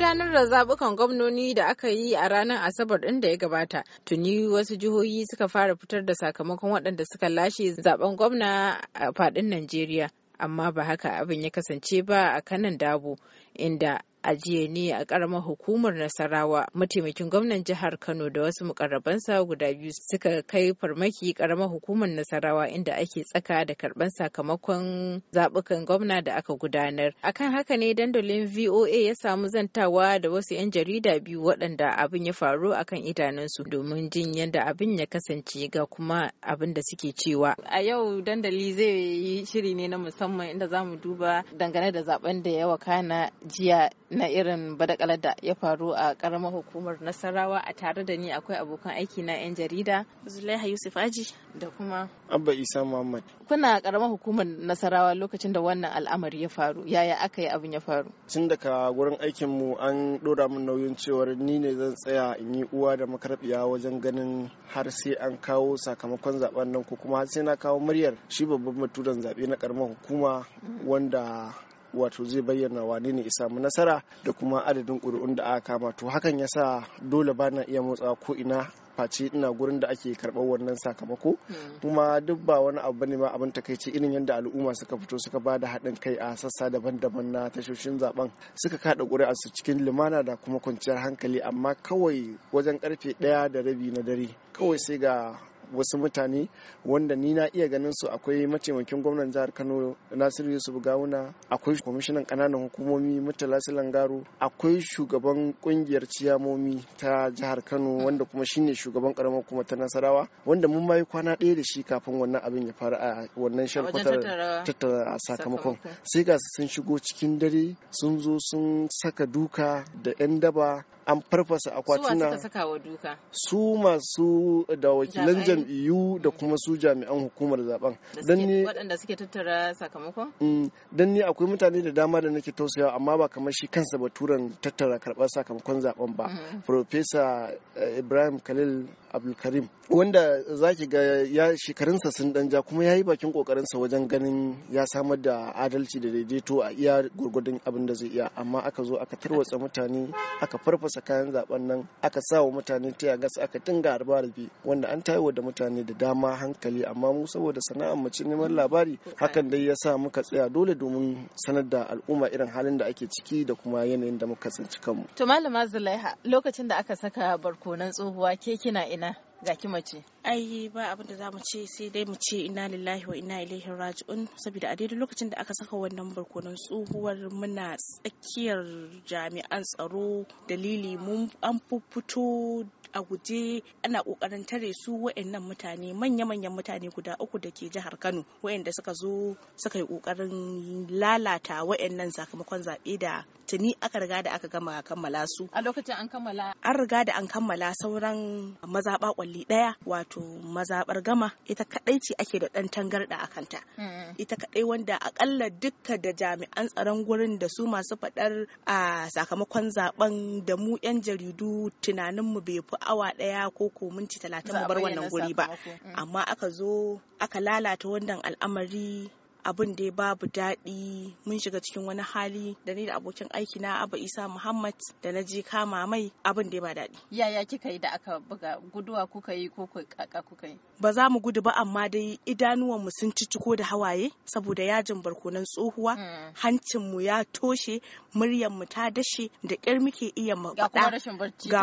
gudanar da zabukan gwamnoni da aka yi a ranar Asabar ɗin da ya gabata, tuni wasu jihohi suka fara fitar da sakamakon waɗanda suka lashe zaben gwamna a faɗin Najeriya. Amma ba haka abin ya kasance ba a kanan dabo, inda a jiya ne a karamar hukumar Nasarawa mataimakin gwamnan jihar Kano da wasu mukarrabansa guda biyu suka kai farmaki karamar hukumar Nasarawa inda ake tsaka da karban sakamakon zabukan gwamna da aka gudanar. Akan haka ne dandalin VOA ya samu zantawa da wasu 'yan jarida biyu waɗanda abin ya faru akan idanunsu domin jin yadda abin ya kasance ga kuma abin da suke cewa. A yau dandali zai yi shiri ne na musamman inda zamu duba dangane da zaben da ya wakana jiya na irin badakala da ya faru a karamar hukumar nasarawa a tare da ni akwai abokan aiki na 'yan jarida zulaiha yusuf aji da kuma abba isa muhammad kuna karamar hukumar nasarawa lokacin da wannan al'amari ya faru yaya aka yi abin ya faru tun daga wurin aikin mu an dora min nauyin cewar ni ne zan tsaya in yi uwa da makarabiya wajen ganin har sai an kawo sakamakon zaben nan ko kuma har sai na kawo muryar shi babban baturen zabe na karamar hukuma mm. wanda wato zai bayyana wane ne samu nasara da kuma adadin ƙuri'un da aka kama to hakan ya sa dole ba na iya motsawa ko ina face ina gurin da ake karɓar wannan sakamako hmm. kuma duk ba wani abu ne ma abin takaici irin yadda al'umma suka fito suka ba da haɗin kai a sassa daban-daban na tashoshin zaben suka kaɗa ƙuri'a su cikin lumana da kuma kwanciyar hankali amma kawai wajen karfe ɗaya da rabi na dare kawai sai ga wasu mutane wanda ni na iya ganin su akwai mataimakin gwamnan jihar kano nasiru yusuf gawuna akwai kwamishinan kananan hukumomi murtala silangaro akwai shugaban kungiyar ciyamomi ta jihar kano wanda kuma shine shugaban karamar kuma ta nasarawa wanda mun yi kwana ɗaya da shi kafin wannan abin ya faru a wannan sharkwatar tattara sakamakon sai ga sun shigo cikin dare sun zo sun saka duka da 'yan daba an farfasa akwatuna su masu da wakilan jam'iyyu da kuma su jami'an hukumar zaben waɗanda suke tattara sakamakon mm, don ni akwai mutane da dama da nake tausayawa amma ba kamar shi kansa baturan tattara karɓar sakamakon zaben ba mm-hmm. professor eh, Ibrahim Khalil Abdulkarim wanda za ki ga ya shekarunsa sun dan ja kuma ya yi bakin kokarinsa wajen ganin ya samar da adalci da daidaito a iya gurgudun abin da zai iya amma aka zo aka tarwatsa mutane aka farfasa kayan zaben nan aka sa wa mutane tiya gas aka dinga harba wanda an tayo da mutane da dama hankali amma mu saboda sana'ar mu ci neman labari hakan dai ya sa muka tsaya dole domin sanar da al'umma irin halin da ake ciki da kuma yanayin da muka tsinci kanmu. To malama Zulaiha lokacin da aka saka barkonan tsohuwa ke kina ina? ga mace ai ba abin da zamu ce sai dai mu ce inna lillahi wa inna ilaihi raji'un saboda a daidai lokacin da aka saka wannan barkonon tsohuwar muna tsakiyar jami'an tsaro dalili mun an fito a guje ana kokarin tare su wayannan mutane manya-manyan mutane guda uku da ke jihar Kano wayanda suka zo suka yi kokarin lalata wayannan sakamakon zaɓe da tuni aka riga da aka gama kammala su a lokacin an kammala an riga da an kammala sauran mazaɓa kwalli ɗaya wato mazaɓar gama ita kaɗai ce ake da ɗan tangarɗa a kanta mm. ita kaɗai wanda aƙalla dukka da jami'an tsaron gurin da su masu faɗar a sakamakon zaben da mu 'yan jaridu tunaninmu bai fi awa ɗaya ko ko minti talatin mu bar wannan guri ba mm. amma aka zo aka lalata wannan al'amari abin da babu daɗi mun shiga cikin wani hali da ni da abokin aiki na abu Isa Muhammad da na je kama mai abin da ba daɗi. Yaya kika yi da aka buga guduwa kuka yi ko kaka kuka yi? Ba za mu gudu ba amma dai idanuwan mu sun cicciko da hawaye saboda yajin barkonan tsohuwa hmm. hancin mu ya toshe muryan mu ta dashe da ƙyar muke iya mu ga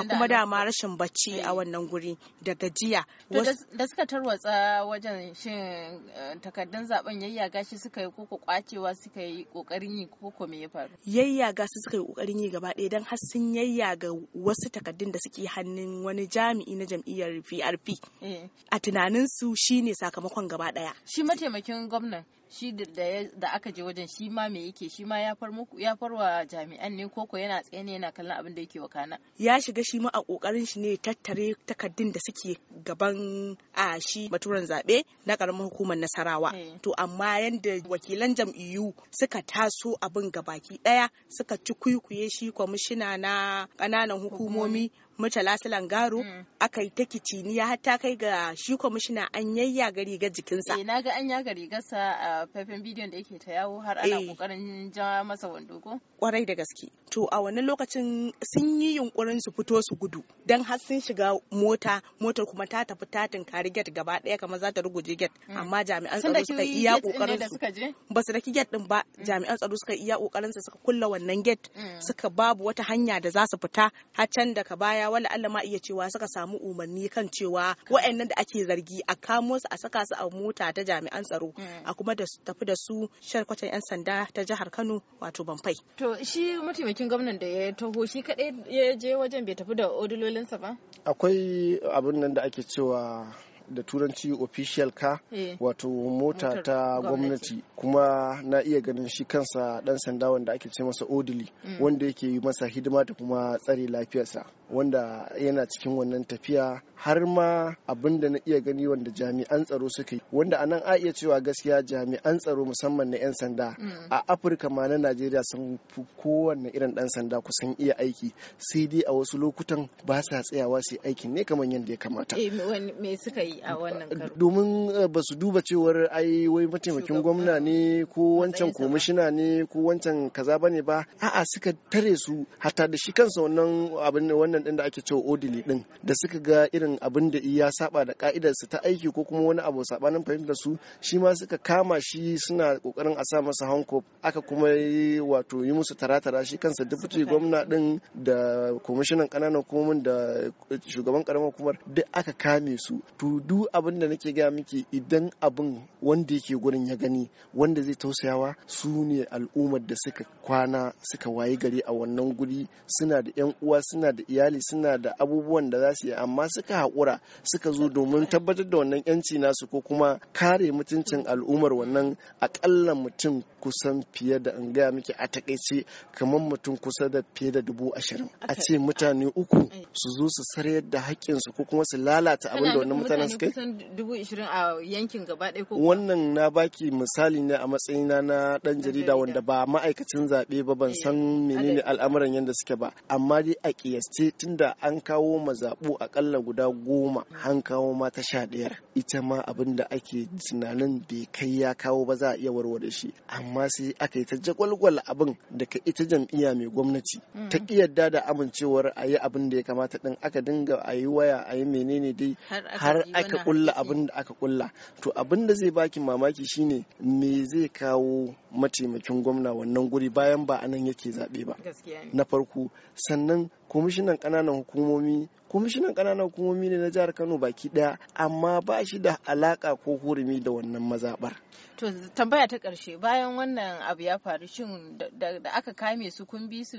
kuma dama rashin bacci a eh. wannan guri da gajiya. Da suka tarwatsa wajen shin eh, takardun zaben yayyaga shi suka yi koko kwacewa suka yi kokarin yi koko me ya faru yayyaga su suka yi kokarin yi gaba ɗaya dan har sun yayyaga wasu takaddun da suke hannun wani jami'i na jam'iyyar PRP eh. a tunanin su shine sakamakon gaba ɗaya shi mataimakin gwamnan shi da aka je wajen shi ma me yake shi ma ya farwa jami'an ne koko yana tsaye ne yana kallon abin da yake kana ya shiga shi ma a kokarin shi ne tattare takardun da suke gaban a shi baturen zabe na karamar hukumar nasarawa eh. to amma yadda wakilan jam'iyyu suka taso abin gabaki ɗaya suka ci kwikwiye shi kwamishina na kananan hukumomi murtala lasilan garo mm. aka yi ta kiciniya har ta kai ga shi kwamishina an yayya ga rigar jikinsa eh na ga an yaga rigarsa a faifin bidiyon da yake ta yawo har ana eh. kokarin ja masa wando ko kwarai da gaske to a wani lokacin sun yi yunkurin su fito su gudu dan har sun shiga mota motar kuma ta tafi ta tunkari get gaba daya kamar za ta ruguje get. Mm. amma jami'an tsaro suka iya kokarin su ba su daki get din ba mm. jami'an tsaro suka iya kokarin su suka kulla wannan get suka babu wata hanya da za su fita har can daga baya baya Allah ma iya cewa suka samu umarni kan cewa waɗannan da ake zargi a kamo su a saka su a mota ta jami'an tsaro mm. a kuma da tafi da su sharkwatan 'yan sanda ta jihar Kano wato bamfai To shi mataimakin gwamnan da ya taho shi kaɗai ya je wajen bai tafi da odilolinsa ba? Akwai abin nan da ake cewa da turanci official car eh. wato mota ta gwamnati kuma na iya ganin shi kansa dan sanda wanda ake ce masa odili mm. wanda yake yi masa hidima da kuma tsare lafiyarsa wanda yana cikin wannan tafiya har ma abin na iya gani wanda jami'an tsaro suka yi wanda anan a iya cewa gaskiya jami'an tsaro musamman na 'yan sanda mm. a afirka ma na najeriya sun fi kowanne irin dan sanda kusan iya aiki sai dai a wasu lokutan ba sa tsayawa su aikin ne kamar yadda ya kamata eh, me suka yi a wannan karo domin eh, ba su duba cewar ai wai mataimakin gwamna ne ko wancan komishina ne ko wancan kaza bane ba a'a suka tare su hatta da shi kansa wannan abin wannan din da ake cewa odili din da suka ga irin abin da iya saba da ka'idar su ta aiki ko kuma wani abu sabanin fahimtar su shi ma suka kama shi suna kokarin a sa masa hanko aka kuma yi wato yi musu taratara shi kansa deputy gwamna din da komishinan kananan hukumomin da shugaban karamar hukumar duk aka kame su to duk abin da nake gaya miki idan abin wanda yake gurin ya gani wanda zai tausayawa su ne al'ummar da suka kwana suka wayi gari a wannan guri suna da yan uwa suna da iyali suna da abubuwan da za su yi amma suka haƙura suka zo domin tabbatar da wannan yanci nasu ko kuma kare mutuncin al'ummar wannan akalla mutum kusan fiye da in gaya miki a takaice kamar mutum kusa da fiye da dubu ashirin a ce mutane uku mm. su zo su sarayar da haƙƙinsu ko kuma su lalata abin da wannan mutanen gaske yankin wannan na baki misali ne a matsayina na dan jarida wanda ba ma'aikacin zaɓe ba ban eh, san menene al'amuran yadda suke ba amma dai a kiyasce tunda an kawo ma zaɓo akalla guda goma hmm. an kawo mata sha ɗayar ita ma abin da ake tunanin bai kai ya kawo ba za a iya warware shi amma sai aka yi ta jagwalgwal abin daga ita jam'iyya mai gwamnati hmm. ta kiyarda da amincewar a yi abin da ya kamata din aka dinga a yi waya a yi menene dai har aka kulla abin da aka kulla to abin da zai baki mamaki shine me zai kawo mataimakin gwamna wannan guri bayan ba anan yake zaɓe ba na farko sannan kwamishinan kananan hukumomi kwamishinan kananan hukumomi ne na jihar kano baki ɗaya amma ba shi da alaka ko hurumi da wannan mazabar to tambaya ta karshe bayan wannan abu ya faru shin da aka kame su kun bi su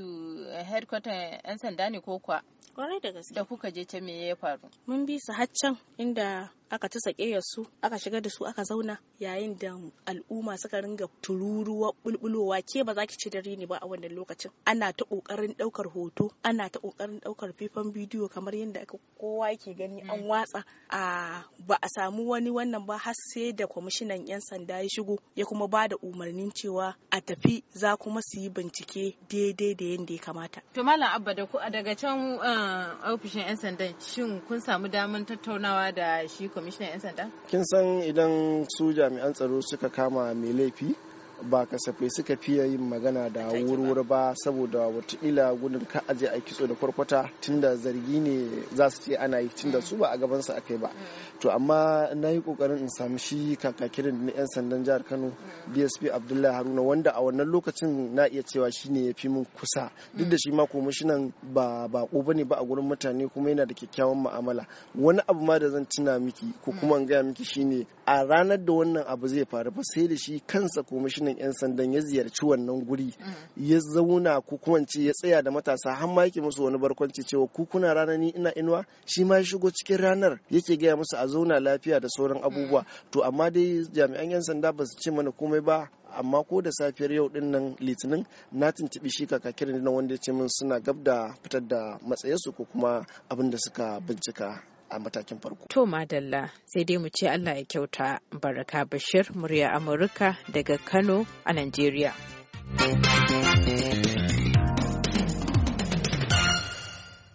eh, headquarter 'yan sanda ne ko kwa kwarai da kuka je ta me ya faru mun bi su haccan inda aka ta sake su aka shiga da su aka zauna yayin da al'umma suka ringa tururuwa bulbulowa ke ba za ki ci dare ne ba a wannan lokacin ana ta kokarin daukar hoto ana ta kokarin daukar fifan bidiyo kamar yadda kowa yake gani mm. an watsa a ba a samu wani wannan ba har sai da kwamishinan yan sanda ya shigo ya kuma ba da umarnin cewa a tafi za kuma su yi bincike daidai da yadda ya kamata to malam abba da daga can eh, ofishin yan sandan shin kun samu damar tattaunawa da shi kwamishinan 'yan sanda? Kin san idan su jami'an tsaro suka kama mai laifi ba kasafai suka fiye yin magana da wurwuri ba saboda watakila gudun ka aje a kitso da kwarkwata tunda zargi ne za su ce ana yi tunda su ba a gaban su akai ba mm. to amma na yi kokarin in samu shi kakakirin na yan sandan jihar kano mm. dsp abdullahi haruna wanda a wannan lokacin na iya cewa shine ya fi min kusa duk da mm. shi ma komishinan ba bako bane ba a gurin mutane kuma yana da kyakkyawan mu'amala wani abu ma da zan tuna miki ko kuma in gaya miki shine a ranar da wannan abu zai faru ba sai da shi kansa komishinan kwamishinan 'yan sandan ya ziyarci wannan guri mm. ya zauna ko kuma ce ya tsaya da matasa har ma yake musu wani barkwanci cewa ku kuna rana ni ina inuwa shi ma ya shigo cikin ranar yake gaya musu a zauna lafiya da sauran abubuwa mm. to amma dai jami'an 'yan sanda ba su ce mana komai ba amma ko da safiyar yau din nan litinin na tuntubi shi kakakin na wanda ya ce min suna gab da fitar da matsayinsu ko kuma abin da suka bincika a matakin farko. To Madalla sai dai mu ce Allah ya kyauta Baraka Bashir murya Amurka daga Kano a Najeriya.